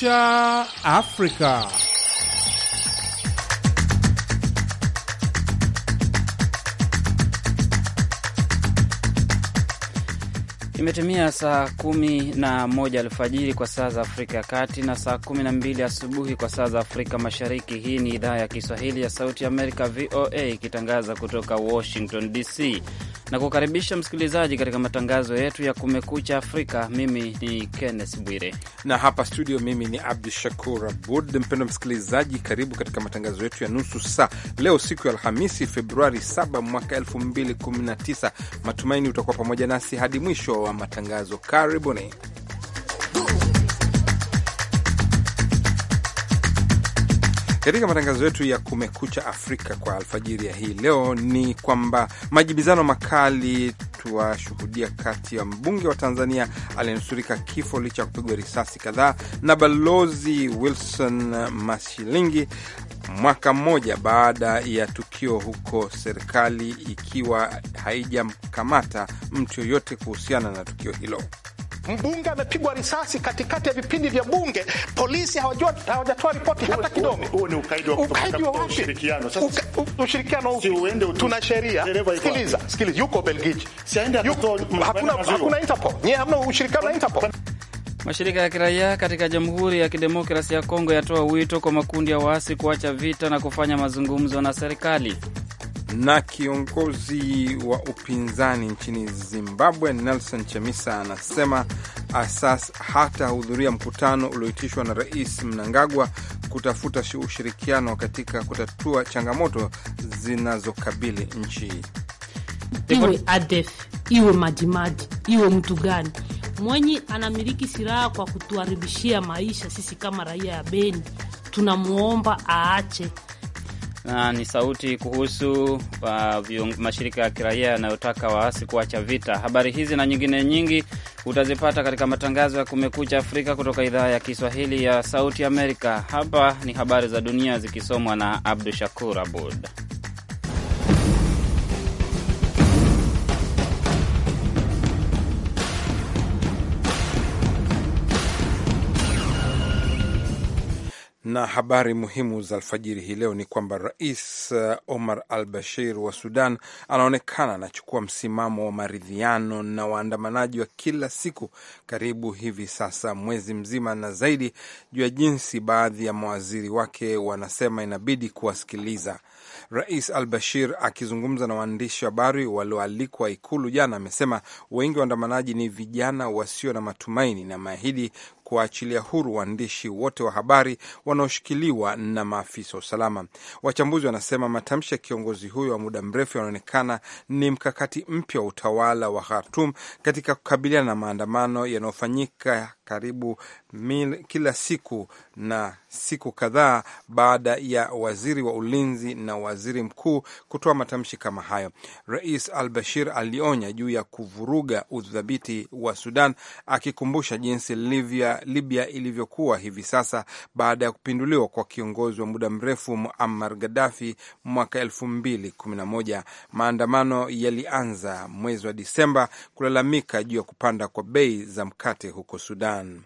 cha Afrika. Imetimia saa kumi na moja alfajiri kwa saa za Afrika ya Kati na saa kumi na mbili asubuhi kwa saa za Afrika Mashariki. Hii ni idhaa ya Kiswahili ya Sauti ya Amerika, VOA, ikitangaza kutoka Washington DC na kukaribisha msikilizaji katika matangazo yetu ya Kumekucha Afrika. Mimi ni Kenneth Bwire na hapa studio mimi ni Abdu Shakur Abud. Mpendo msikilizaji, karibu katika matangazo yetu ya nusu saa leo, siku ya Alhamisi Februari 7 mwaka 2019. Matumaini utakuwa pamoja nasi hadi mwisho wa matangazo. Karibuni. Katika matangazo yetu ya Kumekucha Afrika kwa alfajiri ya hii leo ni kwamba majibizano makali tuwashuhudia kati ya mbunge wa Tanzania aliyenusurika kifo licha ya kupigwa risasi kadhaa na Balozi Wilson Mashilingi mwaka mmoja baada ya tukio huko, serikali ikiwa haijamkamata mtu yoyote kuhusiana na tukio hilo. Mbunge amepigwa risasi katikati ya vipindi vya bunge, polisi hawajatoa ripoti hata kidogo. Huo ni ukaidi wa ushirikiano. Sasa ushirikiano upi? Tuna sheria. Sikiliza, sikiliza, yuko Belgiji, hakuna hakuna Interpol. Nyie hamna ushirikiano na Interpol. Mashirika ya kiraia katika Jamhuri ya Kidemokrasia ya Kongo yatoa wito kwa makundi ya waasi kuacha vita na kufanya mazungumzo na serikali na kiongozi wa upinzani nchini Zimbabwe Nelson Chamisa anasema asas hatahudhuria mkutano ulioitishwa na Rais Mnangagwa kutafuta ushirikiano katika kutatua changamoto zinazokabili nchi. Iwe ADF iwe Majimaji iwe mtu gani mwenye anamiliki silaha kwa kutuharibishia maisha, sisi kama raia ya Beni tunamwomba aache na ni sauti kuhusu uh, mashirika ya kiraia yanayotaka waasi kuacha vita. Habari hizi na nyingine nyingi utazipata katika matangazo ya Kumekucha Afrika kutoka idhaa ya Kiswahili ya Sauti Amerika. Hapa ni habari za dunia zikisomwa na Abdu Shakur Abud. na habari muhimu za alfajiri hii leo ni kwamba Rais uh, Omar al Bashir wa Sudan anaonekana anachukua msimamo wa maridhiano na waandamanaji wa kila siku karibu hivi sasa mwezi mzima na zaidi, juu ya jinsi baadhi ya mawaziri wake wanasema inabidi kuwasikiliza. Rais al Bashir akizungumza na waandishi wa habari walioalikwa Ikulu jana amesema wengi wa waandamanaji ni vijana wasio na matumaini na maahidi kuwaachilia huru waandishi wote wa habari wanaoshikiliwa na maafisa wa usalama. Wachambuzi wanasema matamshi ya kiongozi huyo wa muda mrefu yanaonekana ni mkakati mpya wa utawala wa Khartum katika kukabiliana na maandamano yanayofanyika karibu mil, kila siku na siku kadhaa baada ya waziri wa ulinzi na waziri mkuu kutoa matamshi kama hayo. Rais Al Bashir alionya juu ya kuvuruga udhabiti wa Sudan, akikumbusha jinsi Libya, Libya ilivyokuwa hivi sasa baada ya kupinduliwa kwa kiongozi wa muda mrefu Muammar Gaddafi mwaka moja. Maandamano yalianza mwezi wa Disemba kulalamika juu ya kupanda kwa bei za mkate huko Sudan. Iran.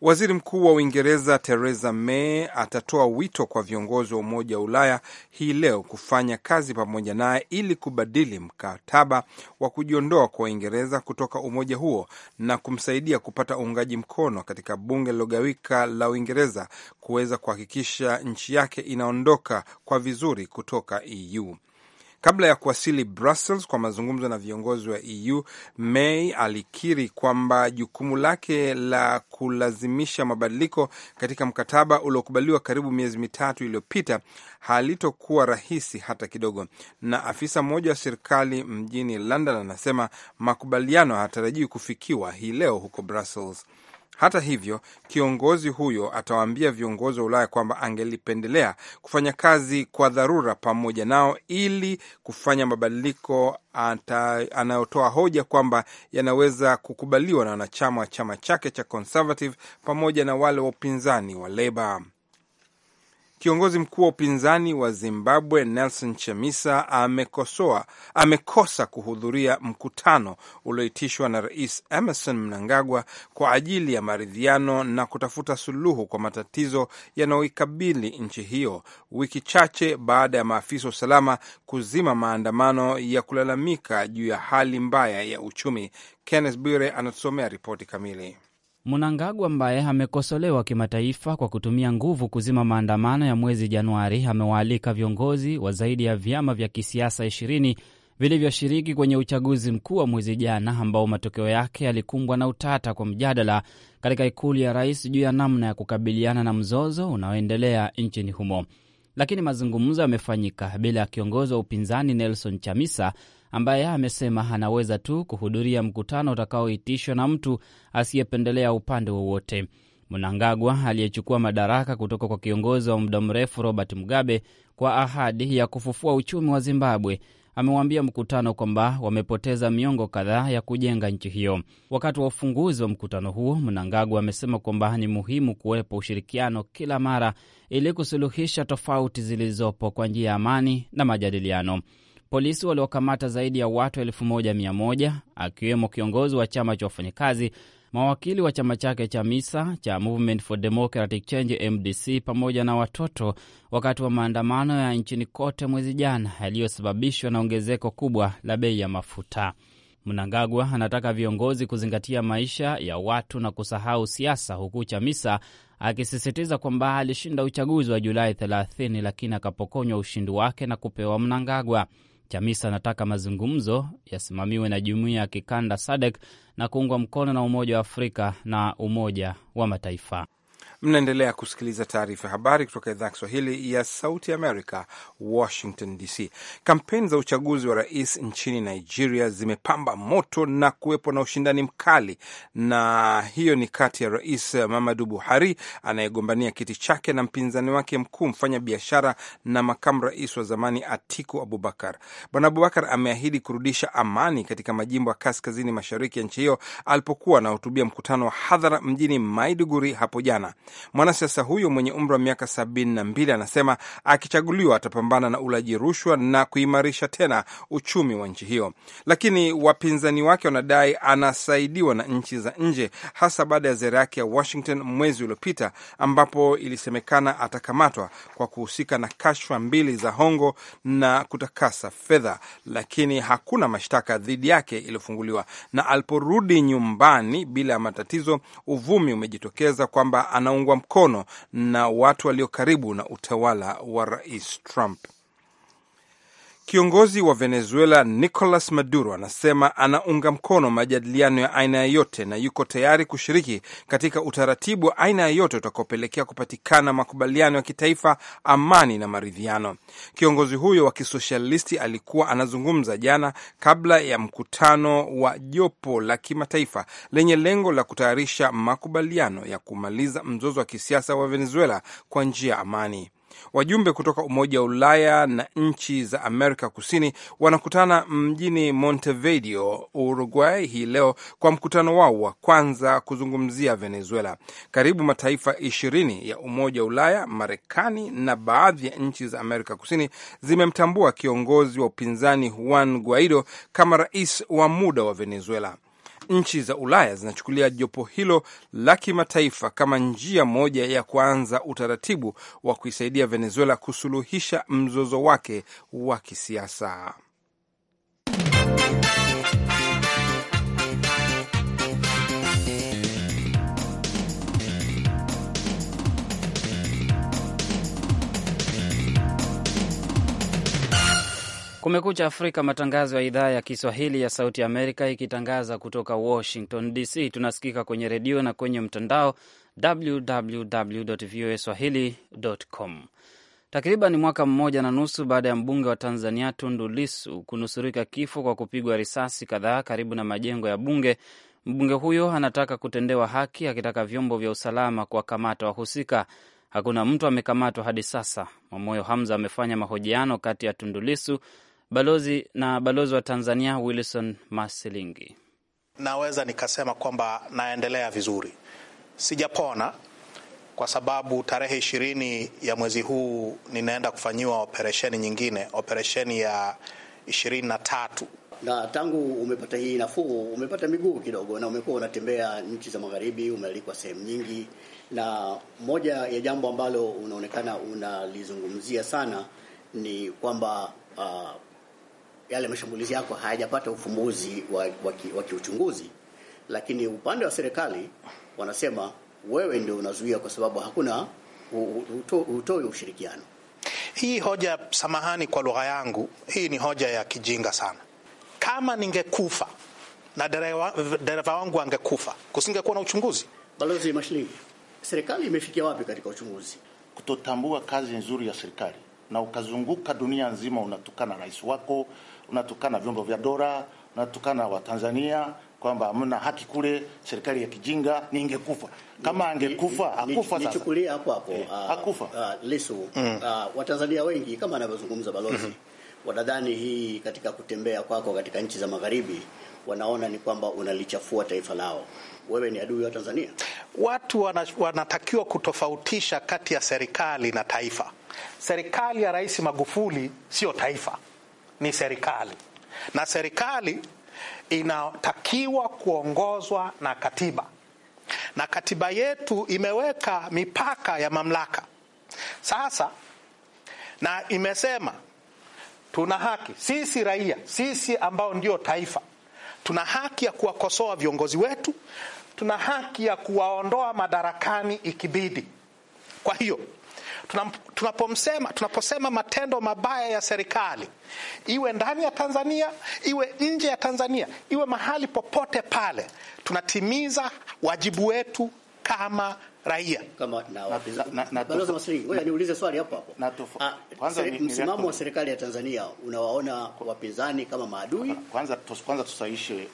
Waziri Mkuu wa Uingereza Theresa May atatoa wito kwa viongozi wa Umoja wa Ulaya hii leo kufanya kazi pamoja naye ili kubadili mkataba wa kujiondoa kwa Uingereza kutoka umoja huo na kumsaidia kupata uungaji mkono katika bunge lilogawika la Uingereza kuweza kuhakikisha nchi yake inaondoka kwa vizuri kutoka EU. Kabla ya kuwasili Brussels kwa mazungumzo na viongozi wa EU, May alikiri kwamba jukumu lake la kulazimisha mabadiliko katika mkataba uliokubaliwa karibu miezi mitatu iliyopita halitokuwa rahisi hata kidogo. Na afisa mmoja wa serikali mjini London anasema makubaliano hayatarajiwi kufikiwa hii leo huko Brussels. Hata hivyo, kiongozi huyo atawaambia viongozi wa Ulaya kwamba angelipendelea kufanya kazi kwa dharura pamoja nao ili kufanya mabadiliko anayotoa hoja kwamba yanaweza kukubaliwa na wanachama wa chama chake cha Conservative pamoja na wale wa upinzani wa Leba. Kiongozi mkuu wa upinzani wa Zimbabwe Nelson Chamisa amekosoa amekosa kuhudhuria mkutano ulioitishwa na Rais Emerson Mnangagwa kwa ajili ya maridhiano na kutafuta suluhu kwa matatizo yanayoikabili nchi hiyo, wiki chache baada ya maafisa wa usalama kuzima maandamano ya kulalamika juu ya hali mbaya ya uchumi. Kenneth Bwire anatusomea ripoti kamili. Mnangagwa ambaye amekosolewa kimataifa kwa kutumia nguvu kuzima maandamano ya mwezi Januari amewaalika viongozi wa zaidi ya vyama vya kisiasa ishirini vilivyoshiriki kwenye uchaguzi mkuu wa mwezi jana ambao matokeo yake yalikumbwa na utata kwa mjadala katika ikulu ya rais juu ya namna ya kukabiliana na mzozo unaoendelea nchini humo, lakini mazungumzo yamefanyika bila ya kiongozi wa upinzani Nelson Chamisa ambaye amesema anaweza tu kuhudhuria mkutano utakaoitishwa na mtu asiyependelea upande wowote. Mnangagwa aliyechukua madaraka kutoka kwa kiongozi wa muda mrefu Robert Mugabe kwa ahadi ya kufufua uchumi wa Zimbabwe amewaambia mkutano kwamba wamepoteza miongo kadhaa ya kujenga nchi hiyo. Wakati wa ufunguzi wa mkutano huo, Mnangagwa amesema kwamba ni muhimu kuwepo ushirikiano kila mara ili kusuluhisha tofauti zilizopo kwa njia ya amani na majadiliano. Polisi waliokamata zaidi ya watu 11 akiwemo kiongozi wa chama cha wafanyakazi, mawakili wa chama chake cha MISA cha Movement for Democratic Change MDC, pamoja na watoto wakati wa maandamano ya nchini kote mwezi jana yaliyosababishwa na ongezeko kubwa la bei ya mafuta. Mnangagwa anataka viongozi kuzingatia maisha ya watu na kusahau siasa, huku Chamisa akisisitiza kwamba alishinda uchaguzi wa Julai 30 lakini akapokonywa ushindi wake na kupewa Mnangagwa. Chamisa anataka mazungumzo yasimamiwe na jumuiya ya kikanda SADC na kuungwa mkono na Umoja wa Afrika na Umoja wa Mataifa. Mnaendelea kusikiliza taarifa ya habari kutoka idhaa ya Kiswahili ya Sauti Amerika, Washington DC. Kampeni za uchaguzi wa rais nchini Nigeria zimepamba moto na kuwepo na ushindani mkali, na hiyo ni kati ya Rais Muhammadu Buhari anayegombania kiti chake na mpinzani wake mkuu, mfanya biashara na makamu rais wa zamani Atiku Abubakar. Bwana Abubakar ameahidi kurudisha amani katika majimbo ya kaskazini mashariki ya nchi hiyo alipokuwa anahutubia mkutano wa hadhara mjini Maiduguri hapo jana. Mwanasiasa huyo mwenye umri wa miaka sabini na mbili anasema akichaguliwa atapambana na ulaji rushwa na kuimarisha tena uchumi wa nchi hiyo, lakini wapinzani wake wanadai anasaidiwa na nchi za nje, hasa baada ya ziara yake ya Washington mwezi uliopita, ambapo ilisemekana atakamatwa kwa kuhusika na kashfa mbili za hongo na kutakasa fedha, lakini hakuna mashtaka dhidi yake iliyofunguliwa. Na aliporudi nyumbani bila ya matatizo, uvumi umejitokeza kwamba ana kuungwa mkono na watu walio karibu na utawala wa Rais Trump. Kiongozi wa Venezuela Nicolas Maduro anasema anaunga mkono majadiliano ya aina yeyote na yuko tayari kushiriki katika utaratibu wa aina yeyote utakaopelekea kupatikana makubaliano ya kitaifa, amani na maridhiano. Kiongozi huyo wa kisosialisti alikuwa anazungumza jana kabla ya mkutano wa jopo la kimataifa lenye lengo la kutayarisha makubaliano ya kumaliza mzozo wa kisiasa wa Venezuela kwa njia ya amani. Wajumbe kutoka Umoja wa Ulaya na nchi za Amerika Kusini wanakutana mjini Montevideo, Uruguay hii leo kwa mkutano wao wa kwanza kuzungumzia Venezuela. Karibu mataifa ishirini ya Umoja wa Ulaya, Marekani na baadhi ya nchi za Amerika Kusini zimemtambua kiongozi wa upinzani Juan Guaido kama rais wa muda wa Venezuela nchi za Ulaya zinachukulia jopo hilo la kimataifa kama njia moja ya kuanza utaratibu wa kuisaidia Venezuela kusuluhisha mzozo wake wa kisiasa. Kumekucha Afrika, matangazo ya idhaa ya Kiswahili ya Sauti ya Amerika ikitangaza kutoka Washington DC. Tunasikika kwenye redio na kwenye mtandao www voa swahili.com. Takriban mwaka mmoja na nusu baada ya mbunge wa Tanzania Tundu Lisu kunusurika kifo kwa kupigwa risasi kadhaa karibu na majengo ya Bunge, mbunge huyo anataka kutendewa haki, akitaka vyombo vya usalama kuwakamata wahusika. Hakuna mtu amekamatwa hadi sasa. Mwamoyo Hamza amefanya mahojiano kati ya tundulisu Balozi na balozi wa Tanzania Wilson Masilingi. Naweza nikasema kwamba naendelea vizuri, sijapona kwa sababu tarehe ishirini ya mwezi huu ninaenda kufanyiwa operesheni nyingine, operesheni ya ishirini na tatu. Na tangu umepata hii nafuu, umepata miguu kidogo na umekuwa unatembea nchi za magharibi, umealikwa sehemu nyingi, na moja ya jambo ambalo unaonekana unalizungumzia sana ni kwamba uh, yale mashambulizi yako hayajapata ufumbuzi wa kiuchunguzi, lakini upande wa serikali wanasema wewe ndio unazuia kwa sababu hakuna hutoi ushirikiano. Hii hoja, samahani kwa lugha yangu, hii ni hoja ya kijinga sana. Kama ningekufa na dereva wangu angekufa, kusingekuwa na uchunguzi. Balozi Mashlingi, serikali imefikia wapi katika uchunguzi? Kutotambua kazi nzuri ya serikali na ukazunguka dunia nzima unatukana rais wako, unatukana vyombo vya dola, unatukana Watanzania kwamba hamna haki kule, serikali ya kijinga. Ningekufa kama angekufa, akufa sasa. Nichukulie hapo hapo, eh, uh, akufa uh, Lissu. Mm. Uh, Watanzania wengi kama anavyozungumza balozi mm-hmm. wanadhani hii katika kutembea kwako kwa katika nchi za magharibi, wanaona ni kwamba unalichafua taifa lao. Wewe ni adui wa Tanzania. Watu wanatakiwa kutofautisha kati ya serikali na taifa. Serikali ya Rais Magufuli sio taifa ni serikali, na serikali inatakiwa kuongozwa na katiba, na katiba yetu imeweka mipaka ya mamlaka sasa, na imesema tuna haki sisi raia, sisi ambao ndio taifa, tuna haki ya kuwakosoa viongozi wetu, tuna haki ya kuwaondoa madarakani ikibidi. Kwa hiyo tunapomsema, tunaposema matendo mabaya ya serikali, iwe ndani ya Tanzania, iwe nje ya Tanzania, iwe mahali popote pale, tunatimiza wajibu wetu kama raia niulize swali hapo hapo. Ah, msimamo wa serikali ya Tanzania unawaona wapinzani kama maadui? Kwanza kwanza tusaishe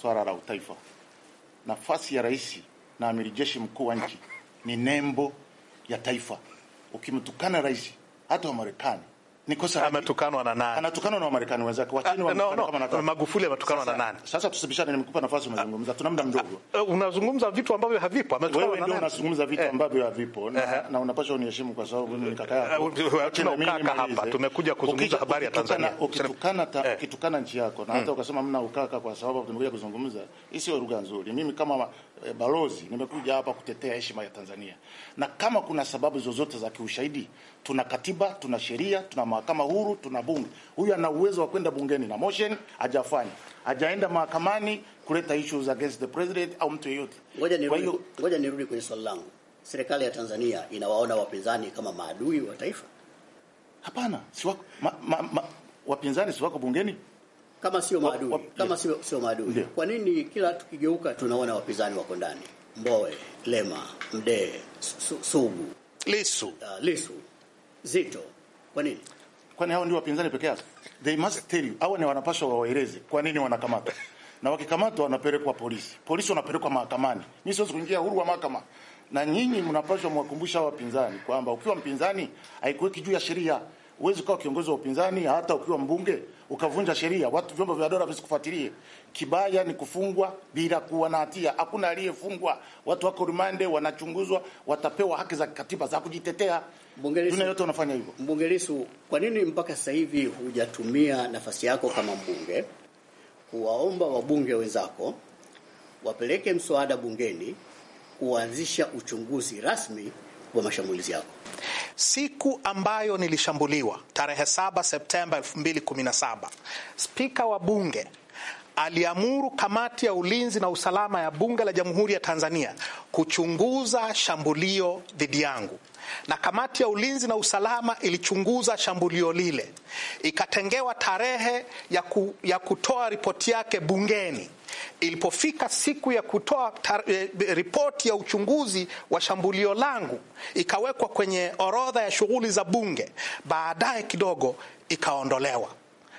swala la utaifa. Nafasi ya rais na amiri jeshi mkuu wa nchi ni nembo ya taifa ukimtukana rais hata wa Marekani ni kosa. Anatukanwa na nani? Anatukanwa na Wamarekani wenzake. Wachini wa ah, no, no, kama anatukanwa Magufuli amekutukana na nani? Sasa tusibishane, nimekupa nafasi unazungumza. Tuna muda mdogo. Uh, unazungumza vitu ambavyo havipo. Ametukanwa na nani? Wewe unazungumza vitu eh, ambavyo havipo na, uh eh. -huh. na unapaswa uniheshimu kwa sababu ni kaka eh, yako. Eh, tuna ukaka hapa. Tumekuja kuzungumza habari ya Tanzania. Ukitukana ukitukana nchi yako na mm. hata ukasema mna ukaka kwa sababu tumekuja kuzungumza, hii sio lugha nzuri. Mimi kama e, balozi, nimekuja hapa kutetea heshima ya Tanzania, na kama kuna sababu zozote za kiushahidi, tuna katiba, tuna sheria, tuna mahakama huru, tuna bunge. Huyu ana uwezo wa kwenda bungeni na motion, hajafanya, hajaenda mahakamani kuleta issues against the president au mtu yeyote. Ngoja nirudi, ngoja nirudi kwenye swali langu. Serikali ya Tanzania inawaona wapinzani kama maadui wa taifa? Hapana, si wako ma, ma, ma, wapinzani si wako bungeni? kama sio maadui wa, kama sio sio maadui. Kwa nini kila tukigeuka tunaona wapinzani wako ndani? Mbowe, Lema, Mdee, Sugu, Lisu, uh, Lisu, Zito. Kwa nini? Kwani hao ndio wapinzani peke yao? They must tell you. Hao ni wanapaswa wawaeleze kwa nini wanakamata Na wakikamatwa wanapelekwa polisi. Polisi wanapelekwa mahakamani. Mimi siwezi kuingia huru wa mahakama. Na nyinyi mnapaswa mwakumbusha wapinzani kwamba ukiwa mpinzani haikuweki juu ya sheria. Huwezi kuwa kiongozi wa upinzani hata ukiwa mbunge ukavunja sheria, watu vyombo vya dola visikufuatilie. Kibaya ni kufungwa bila kuwa na hatia. Hakuna aliyefungwa, watu wako rumande, wanachunguzwa, watapewa haki za kikatiba za kujitetea. Dunia yote unafanya hivyo. Mbunge Lissu, kwa nini mpaka sasa hivi hujatumia nafasi yako kama mbunge kuwaomba wabunge wenzako wapeleke mswada bungeni kuanzisha uchunguzi rasmi wa mashambulizi yako. Siku ambayo nilishambuliwa tarehe 7 Septemba 2017, spika wa bunge aliamuru kamati ya ulinzi na usalama ya bunge la Jamhuri ya Tanzania kuchunguza shambulio dhidi yangu, na kamati ya ulinzi na usalama ilichunguza shambulio lile, ikatengewa tarehe ya, ku, ya kutoa ripoti yake bungeni. Ilipofika siku ya kutoa e, ripoti ya uchunguzi wa shambulio langu ikawekwa kwenye orodha ya shughuli za bunge, baadaye kidogo ikaondolewa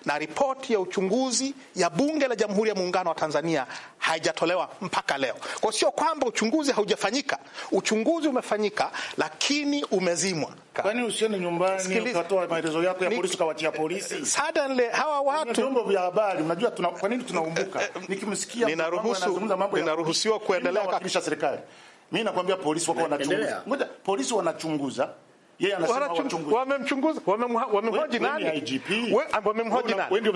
na ripoti ya uchunguzi ya Bunge la Jamhuri ya Muungano wa Tanzania haijatolewa mpaka leo. Kwa sio kwamba uchunguzi haujafanyika, uchunguzi umefanyika, lakini umezimwa. Kwani usiende nyumbani ukatoa maelezo yako ya polisi ukawatia polisi? Suddenly hawa watu vyombo vya habari, unajua tuna kwa nini tunaumbuka? Nikimsikia ninaruhusu ninaruhusiwa kuendelea serikali. Mimi nakwambia polisi wako wanachunguza. Ngoja polisi wanachunguza yeye anasema wamemchunguza, wamemhoji nani? Ah, wamemhoji nani?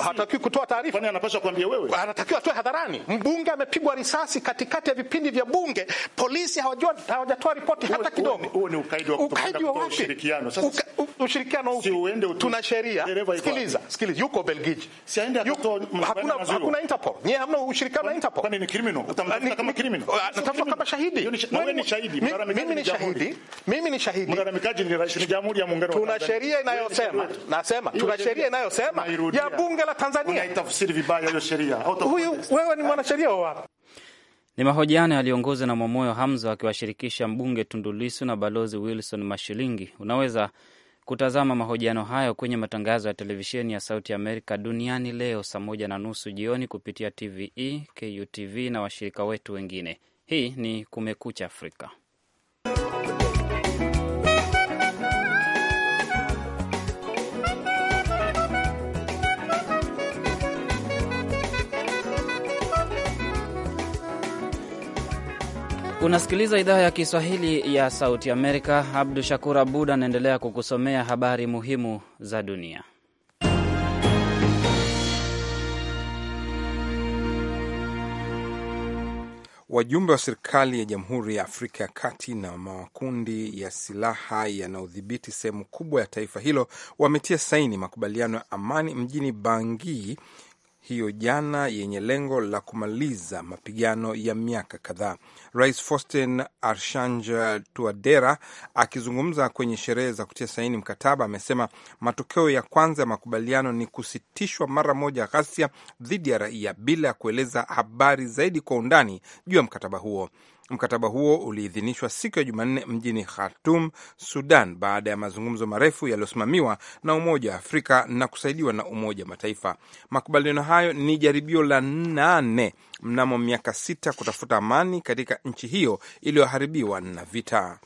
Hataki kutoa taarifa, kwani anapaswa kuambia wewe? Anatakiwa atoe hadharani. Mbunge amepigwa risasi katikati ya vipindi vya bunge, polisi hawajua, hawajatoa ripoti hata kidogo. Huo ni ukaidi wa ushirikiano. Sasa ushirikiano upi? Tuna sheria. Sikiliza, sikiliza, yuko Belgiji, si aende akatoa. Hakuna hakuna Interpol, nyie hamna ushirikiano na Interpol. Kwani ni criminal? Utamtafuta ah, kama ah, criminal? kama shahidi. Wewe ni shahidi, mimi ni shahidi, mimi ni shahidi Tuna sheria inayosema nasema, tuna sheria inayosema ya bunge la Tanzania. Unaitafsiri vibaya hiyo sheria. Huyu wewe ni mwanasheria wa wapi? Ni mahojiano yaliyoongozwa na Mwamoyo Hamza akiwashirikisha mbunge Tundulisu na balozi Wilson Mashilingi. Unaweza kutazama mahojiano hayo kwenye matangazo ya televisheni ya Sauti Amerika duniani leo saa moja na nusu jioni kupitia TVE, KUTV na washirika wetu wengine. Hii ni Kumekucha Afrika. Unasikiliza idhaa ya Kiswahili ya Sauti Amerika. Abdu Shakur Abud anaendelea kukusomea habari muhimu za dunia. Wajumbe wa serikali ya Jamhuri ya Afrika ya Kati na makundi ya silaha yanayodhibiti sehemu kubwa ya taifa hilo wametia saini makubaliano ya amani mjini Bangui hiyo jana yenye lengo la kumaliza mapigano ya miaka kadhaa. Rais Faustin Archange Touadera akizungumza kwenye sherehe za kutia saini mkataba amesema matokeo ya kwanza ya makubaliano ni kusitishwa mara moja ghasia dhidi ya raia, bila ya kueleza habari zaidi kwa undani juu ya mkataba huo. Mkataba huo uliidhinishwa siku ya Jumanne mjini Khartum, Sudan, baada ya mazungumzo marefu yaliyosimamiwa na Umoja wa Afrika na kusaidiwa na Umoja Mataifa. Makubaliano hayo ni jaribio la nane mnamo miaka sita kutafuta amani katika nchi hiyo iliyoharibiwa na vita.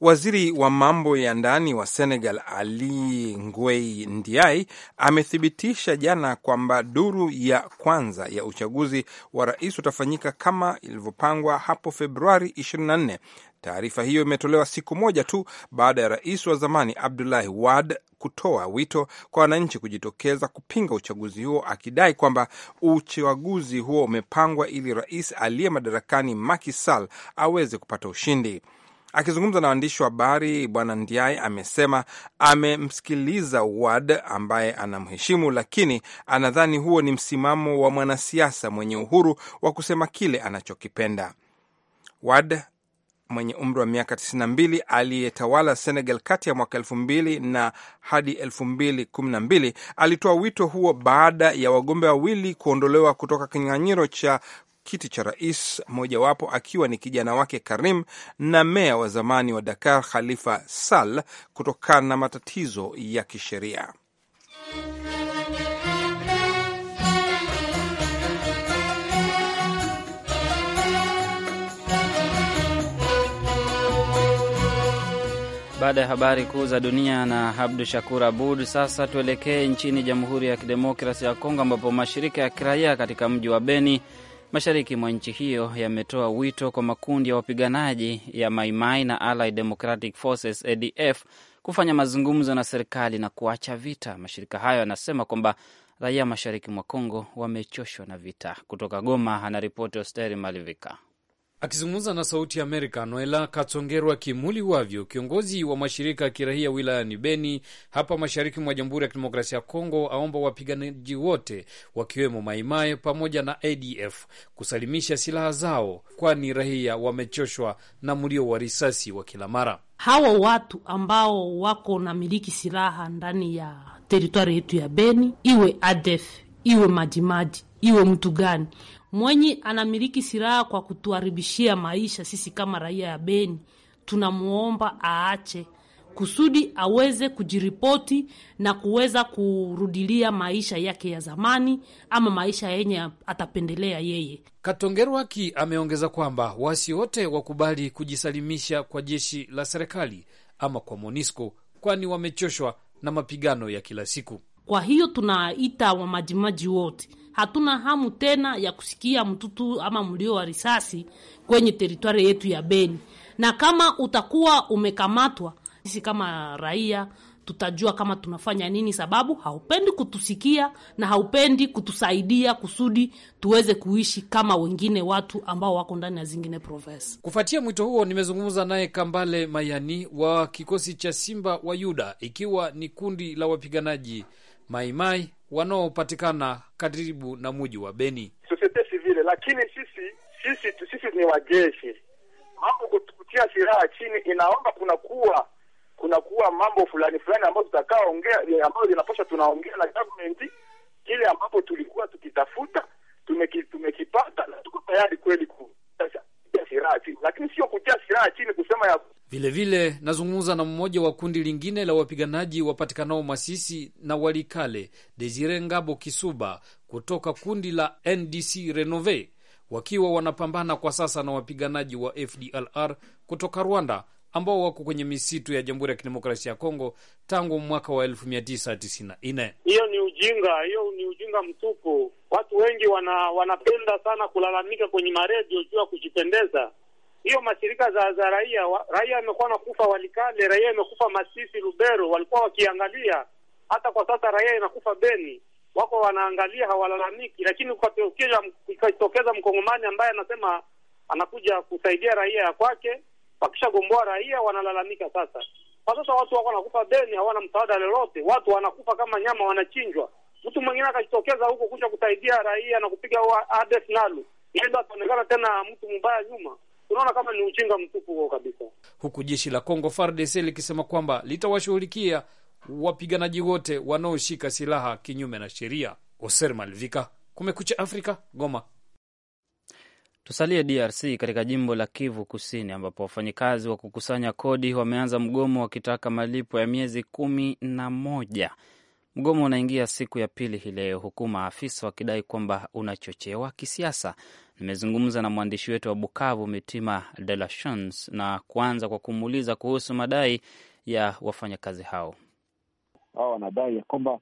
Waziri wa mambo ya ndani wa Senegal Ali Ngwei Ndiaye amethibitisha jana kwamba duru ya kwanza ya uchaguzi wa rais utafanyika kama ilivyopangwa hapo Februari 24. Taarifa hiyo imetolewa siku moja tu baada ya rais wa zamani Abdulahi Wad kutoa wito kwa wananchi kujitokeza kupinga uchaguzi huo, akidai kwamba uchaguzi huo umepangwa ili rais aliye madarakani Macky Sall aweze kupata ushindi. Akizungumza na waandishi wa habari, Bwana Ndiaye amesema amemsikiliza Wad ambaye anamheshimu, lakini anadhani huo ni msimamo wa mwanasiasa mwenye uhuru wa kusema kile anachokipenda. Wad mwenye umri wa miaka 92 aliyetawala Senegal kati ya mwaka 2000 na hadi 2012 alitoa wito huo baada ya wagombea wawili kuondolewa kutoka kinyang'anyiro cha kiti cha rais, mojawapo akiwa ni kijana wake Karim na meya wa zamani wa Dakar Khalifa Sall kutokana na matatizo ya kisheria. Baada ya habari kuu za dunia na Abdu Shakur Abud, sasa tuelekee nchini Jamhuri ya Kidemokrasi ya Kongo, ambapo mashirika ya kiraia katika mji wa Beni mashariki mwa nchi hiyo yametoa wito kwa makundi ya wapiganaji ya Maimai na Allied Democratic Forces ADF kufanya mazungumzo na serikali na kuacha vita. Mashirika hayo yanasema kwamba raia mashariki mwa Kongo wamechoshwa na vita. Kutoka Goma anaripoti Osteri Malivika. Akizungumza na Sauti ya Amerika, Noela Katsongerwa Kimuli Wavyo, kiongozi wa mashirika ya kirahia wilayani Beni hapa mashariki mwa Jamhuri ya Kidemokrasia ya Kongo, aomba wapiganaji wote wakiwemo Maimai pamoja na ADF kusalimisha silaha zao, kwani rahia wamechoshwa na mlio wa risasi wa kila mara. Hawa watu ambao wako na miliki silaha ndani ya teritwari yetu ya Beni, iwe ADF iwe Majimaji iwe mtu gani mwenye anamiliki silaha kwa kutuharibishia maisha. Sisi kama raia ya Beni tunamwomba aache kusudi aweze kujiripoti na kuweza kurudilia maisha yake ya zamani ama maisha yenye atapendelea yeye. Katongerwaki ameongeza kwamba waasi wote wakubali kujisalimisha kwa jeshi la serikali ama kwa monisco kwani wamechoshwa na mapigano ya kila siku. Kwa hiyo tunaita wamajimaji wote, hatuna hamu tena ya kusikia mtutu ama mlio wa risasi kwenye teritwari yetu ya Beni, na kama utakuwa umekamatwa, sisi kama raia tutajua kama tunafanya nini, sababu haupendi kutusikia na haupendi kutusaidia kusudi tuweze kuishi kama wengine watu ambao wako ndani ya zingine province. Kufuatia mwito huo, nimezungumza naye Kambale Mayani wa kikosi cha Simba wa Yuda, ikiwa ni kundi la wapiganaji maimai wanaopatikana karibu na muji wa Beni sosiete sivile. Lakini sisi sisi sisi ni wajeshi, mambo kutukutia silaha chini inaomba kunakuwa kunakuwa mambo fulani fulani ambayo tutakaa ambayo inaposha tunaongea na government, kile ambapo tulikuwa tukitafuta tumeki, tumekipata na tuko tayari kweli ku kutia silaha chini, lakini sio kutia silaha chini kusema ya vilevile. Nazungumza na mmoja wa kundi lingine la wapiganaji wapatikanao Masisi na Walikale, Desire Ngabo Kisuba kutoka kundi la NDC Renove, wakiwa wanapambana kwa sasa na wapiganaji wa FDLR kutoka Rwanda ambao wako kwenye misitu ya Jamhuri ya Kidemokrasia ya Kongo tangu mwaka wa elfu mia tisa tisini na nne. Hiyo ni ujinga, hiyo ni ujinga mtupu. Watu wengi wana, wanapenda sana kulalamika kwenye maredio juu ya kujipendeza. Hiyo mashirika za, za raia, raia imekuwa nakufa Walikale, raia imekufa Masisi, Lubero, walikuwa wakiangalia. Hata kwa sasa raia inakufa Beni, wako wanaangalia, hawalalamiki. Lakini ukatokeza mkongomani ambaye anasema anakuja kusaidia raia ya kwake wakishagomboa raia wanalalamika. Sasa kwa sasa watu wako wanakufa Beni, hawana msaada lolote, watu wanakufa kama nyama, wanachinjwa. Mtu mwingine akajitokeza huko kuja kusaidia raia na kupiga ADF NALU, naiba ataonekana tena mtu mbaya nyuma. Unaona kama ni uchinga mtupu huo kabisa, huku jeshi la Congo FARDC likisema kwamba litawashughulikia wapiganaji wote wanaoshika silaha kinyume na sheria. Oser Malvika, Kumekucha Afrika, Goma. Tusalie DRC katika jimbo la Kivu Kusini, ambapo wafanyikazi wa kukusanya kodi wameanza mgomo wakitaka malipo ya miezi kumi na moja. Mgomo unaingia siku ya pili hii leo, huku maafisa wakidai kwamba unachochewa kisiasa. Nimezungumza na mwandishi wetu wa Bukavu, Mitima De La na kuanza kwa kumuuliza kuhusu madai ya wafanyakazi hao. Hao wanadai ya kwamba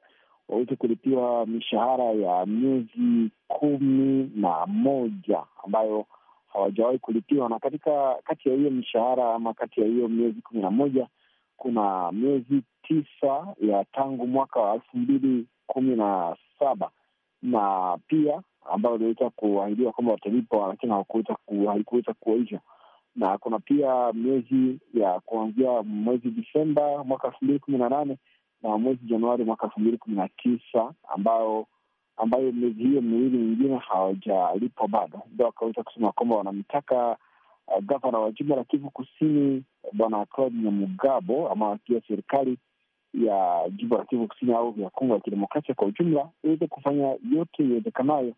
waweze kulipiwa mishahara ya miezi kumi na moja ambayo hawajawahi kulipiwa, na katika kati ya hiyo mishahara ama kati ya hiyo miezi kumi na moja kuna miezi tisa ya tangu mwaka wa elfu mbili kumi na saba na pia ambayo waliweza kuahidiwa kwamba watalipwa, lakini haikuweza kuwa hivyo. Na kuna pia miezi ya kuanzia mwezi Disemba mwaka elfu mbili kumi na nane na mwezi Januari mwaka elfu mbili kumi na tisa ambayo ambayo miezi hiyo miwili mingine hawajalipwa bado, ndo wakaweza kusema kwamba wanamtaka uh, gavana wa jimbo la Kivu Kusini bwana Claude Nyamugabo ama pia serikali ya jimbo la Kivu Kusini au ya Kongo ya Kidemokrasia kwa ujumla iweze kufanya yote iwezekanayo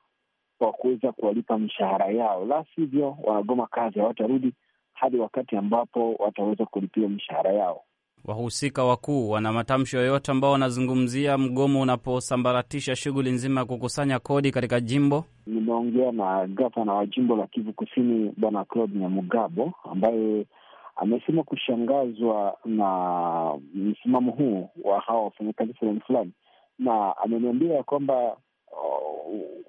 kwa kuweza kuwalipa mishahara yao, la sivyo wanagoma kazi, hawatarudi hadi wakati ambapo wataweza kulipiwa mishahara yao wahusika wakuu wana matamshi yoyote ambao wanazungumzia mgomo unaposambaratisha shughuli nzima ya kukusanya kodi katika jimbo? Nimeongea na gavana wa jimbo la Kivu Kusini Bwana Claude Nyamugabo ambaye amesema kushangazwa na msimamo huu wa hawa wafanyakazi fulani fulani, na ameniambia ya kwamba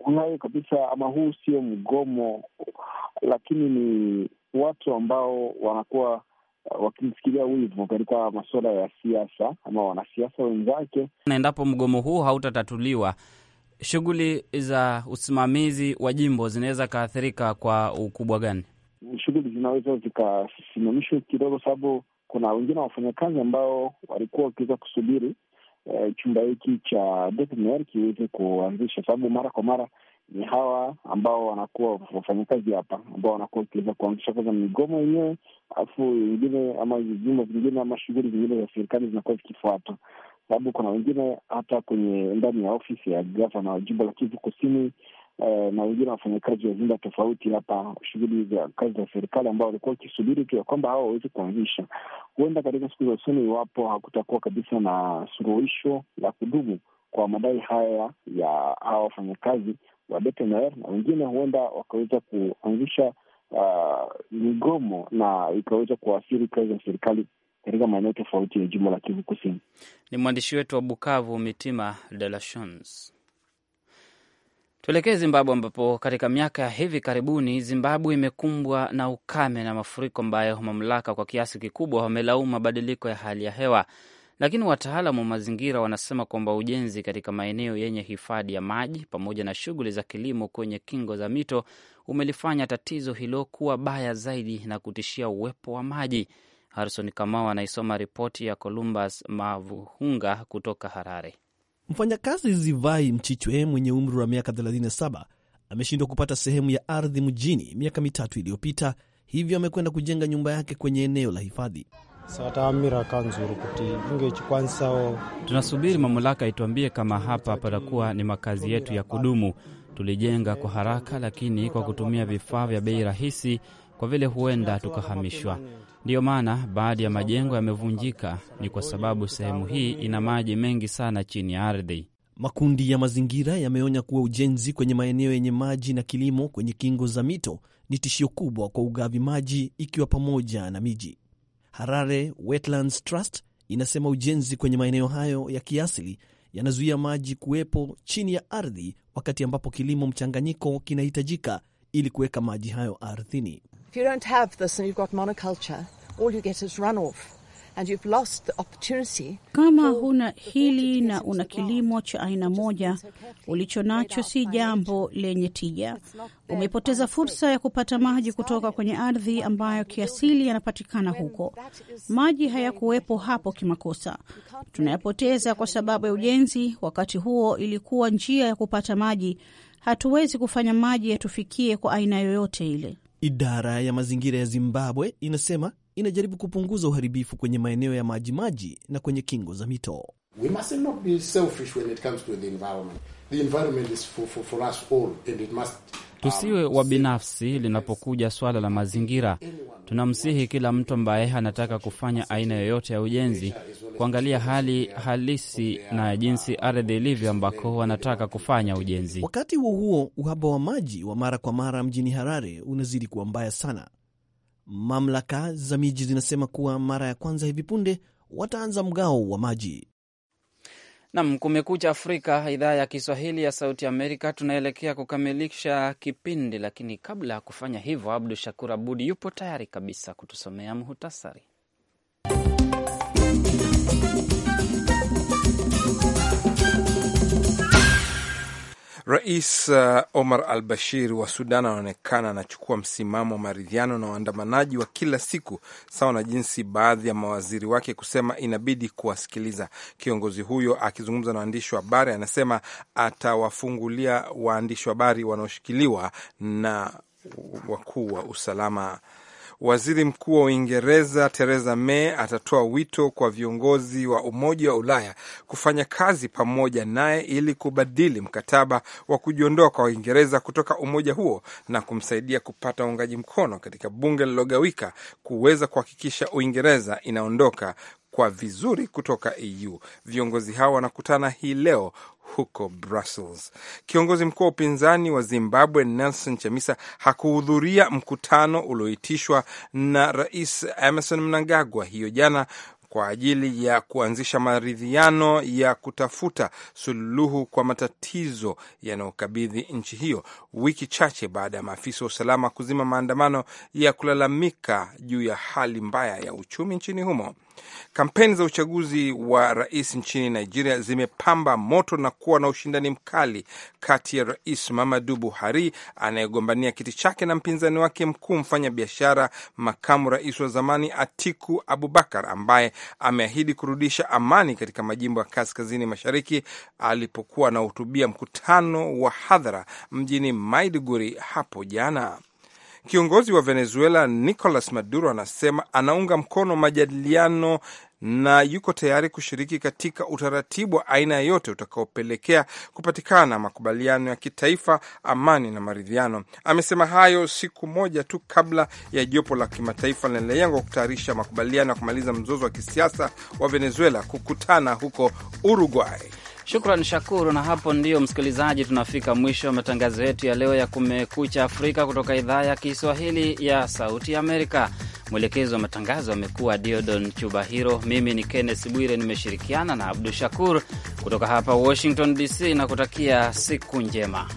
uh, kabisa, ama huu sio mgomo, lakini ni watu ambao wanakuwa wakimfikiria wivu katika masuala ya siasa ama wanasiasa wenzake. Na endapo mgomo huu hautatatuliwa, shughuli za usimamizi wa jimbo zinaweza kaathirika kwa ukubwa gani? Shughuli zinaweza zikasimamishwa kidogo, sababu kuna wengine wafanyakazi ambao walikuwa wakiweza kusubiri e, chumba hiki cha kiweze kuanzisha, sababu mara kwa mara ni hawa ambao wanakuwa wafanyakazi hapa ambao wanakuwa wakiweza kuanzisha kwanza migomo yenyewe, alafu wengine ama vyumba vingine ama shughuli zingine za serikali zinakuwa zikifuata, sababu kuna wengine hata kwenye ndani ya ofisi ya gavana wa jimbo la Kivu Kusini eh, na wengine wafanyakazi wa vyumba tofauti hapa, shughuli za kazi za serikali ambao walikuwa wakisubiri tu ya kwamba hawa waweze kuanzisha. Huenda katika siku za usoni, iwapo hakutakuwa kabisa na suluhisho la kudumu kwa madai haya ya hawa wafanyakazi wa Betenair na wengine huenda wakaweza kuanzisha uh, migomo na ikaweza kuathiri kazi ya serikali katika maeneo tofauti ya jimbo la Kivu Kusini. Ni mwandishi wetu wa Bukavu, Mitima De La Tuelekee Zimbabwe, ambapo katika miaka ya hivi karibuni Zimbabwe imekumbwa na ukame na mafuriko ambayo mamlaka kwa kiasi kikubwa wamelaumu mabadiliko ya hali ya hewa. Lakini wataalamu wa mazingira wanasema kwamba ujenzi katika maeneo yenye hifadhi ya maji pamoja na shughuli za kilimo kwenye kingo za mito umelifanya tatizo hilo kuwa baya zaidi na kutishia uwepo wa maji. Harison Kamau anaisoma ripoti ya Columbus Mavuhunga kutoka Harare. Mfanyakazi Zivai Mchichwe mwenye umri wa miaka 37 ameshindwa kupata sehemu ya ardhi mjini miaka mitatu iliyopita, hivyo amekwenda kujenga nyumba yake kwenye eneo la hifadhi satawamira kanzuru kuti inge Tunasubiri mamlaka ituambie kama hapa patakuwa ni makazi yetu ya kudumu. Tulijenga kwa haraka, lakini kwa kutumia vifaa vya bei rahisi, kwa vile huenda tukahamishwa. Ndiyo maana baadhi ya majengo yamevunjika, ni kwa sababu sehemu hii ina maji mengi sana chini ya ardhi. Makundi ya mazingira yameonya kuwa ujenzi kwenye maeneo yenye maji na kilimo kwenye kingo za mito ni tishio kubwa kwa ugavi maji, ikiwa pamoja na miji. Harare Wetlands Trust inasema ujenzi kwenye maeneo hayo ya kiasili yanazuia maji kuwepo chini ya ardhi wakati ambapo kilimo mchanganyiko kinahitajika ili kuweka maji hayo ardhini. If you don't have this and you've got monoculture, all you get is runoff. Kama huna hili na una kilimo cha aina moja ulicho nacho, si jambo lenye tija. Umepoteza fursa ya kupata maji kutoka kwenye ardhi ambayo kiasili yanapatikana huko. Maji hayakuwepo hapo kimakosa, tunayapoteza kwa sababu ya ujenzi. Wakati huo ilikuwa njia ya kupata maji. Hatuwezi kufanya maji yatufikie kwa aina yoyote ile. Idara ya mazingira ya Zimbabwe inasema inajaribu kupunguza uharibifu kwenye maeneo ya majimaji na kwenye kingo za mito. Tusiwe um, binafsi linapokuja swala la mazingira. Tunamsihi kila mtu ambaye anataka kufanya aina yoyote ya ujenzi kuangalia hali halisi na jinsi ardhi ilivyo ambako wanataka kufanya ujenzi. Wakati huo huo, uhaba wa maji wa mara kwa mara mjini Harare unazidi kuwa mbaya sana. Mamlaka za miji zinasema kuwa mara ya kwanza hivi punde wataanza mgao wa maji. Nam Kumekucha Afrika, idhaa ya Kiswahili ya Sauti Amerika. Tunaelekea kukamilisha kipindi, lakini kabla ya kufanya hivyo, Abdu Shakur Abudi yupo tayari kabisa kutusomea muhutasari. Rais uh, Omar al Bashir wa Sudan anaonekana anachukua msimamo wa maridhiano na waandamanaji wa kila siku, sawa na jinsi baadhi ya mawaziri wake kusema inabidi kuwasikiliza. Kiongozi huyo akizungumza na waandishi wa habari anasema atawafungulia waandishi wa habari wanaoshikiliwa na wakuu wa usalama Waziri Mkuu wa Uingereza Theresa May atatoa wito kwa viongozi wa Umoja wa Ulaya kufanya kazi pamoja naye ili kubadili mkataba wa kujiondoa kwa Uingereza kutoka umoja huo na kumsaidia kupata uungaji mkono katika bunge lililogawika kuweza kuhakikisha Uingereza inaondoka kwa vizuri kutoka EU. Viongozi hao wanakutana hii leo huko Brussels. Kiongozi mkuu wa upinzani wa Zimbabwe Nelson Chamisa hakuhudhuria mkutano ulioitishwa na Rais Emerson Mnangagwa hiyo jana kwa ajili ya kuanzisha maridhiano ya kutafuta suluhu kwa matatizo yanayokabidhi nchi hiyo, wiki chache baada ya maafisa wa usalama kuzima maandamano ya kulalamika juu ya hali mbaya ya uchumi nchini humo. Kampeni za uchaguzi wa rais nchini Nigeria zimepamba moto na kuwa na ushindani mkali kati ya Rais Muhammadu Buhari anayegombania kiti chake na mpinzani wake mkuu, mfanya biashara, makamu rais wa zamani Atiku Abubakar ambaye ameahidi kurudisha amani katika majimbo ya kaskazini mashariki, alipokuwa anahutubia mkutano wa hadhara mjini Maiduguri hapo jana. Kiongozi wa Venezuela Nicolas Maduro anasema anaunga mkono majadiliano na yuko tayari kushiriki katika utaratibu wa aina yeyote utakaopelekea kupatikana makubaliano ya kitaifa, amani na maridhiano. Amesema hayo siku moja tu kabla ya jopo la kimataifa linalengwa kutayarisha makubaliano ya kumaliza mzozo wa kisiasa wa Venezuela kukutana huko Uruguay. Shukran Shakuru. Na hapo ndio msikilizaji, tunafika mwisho wa matangazo yetu ya leo ya Kumekucha Afrika kutoka idhaa ya Kiswahili ya Sauti Amerika. Mwelekezi wa matangazo amekuwa Diodon Chubahiro. Mimi ni Kenneth Bwire, nimeshirikiana na Abdu Shakur kutoka hapa Washington DC na kutakia siku njema.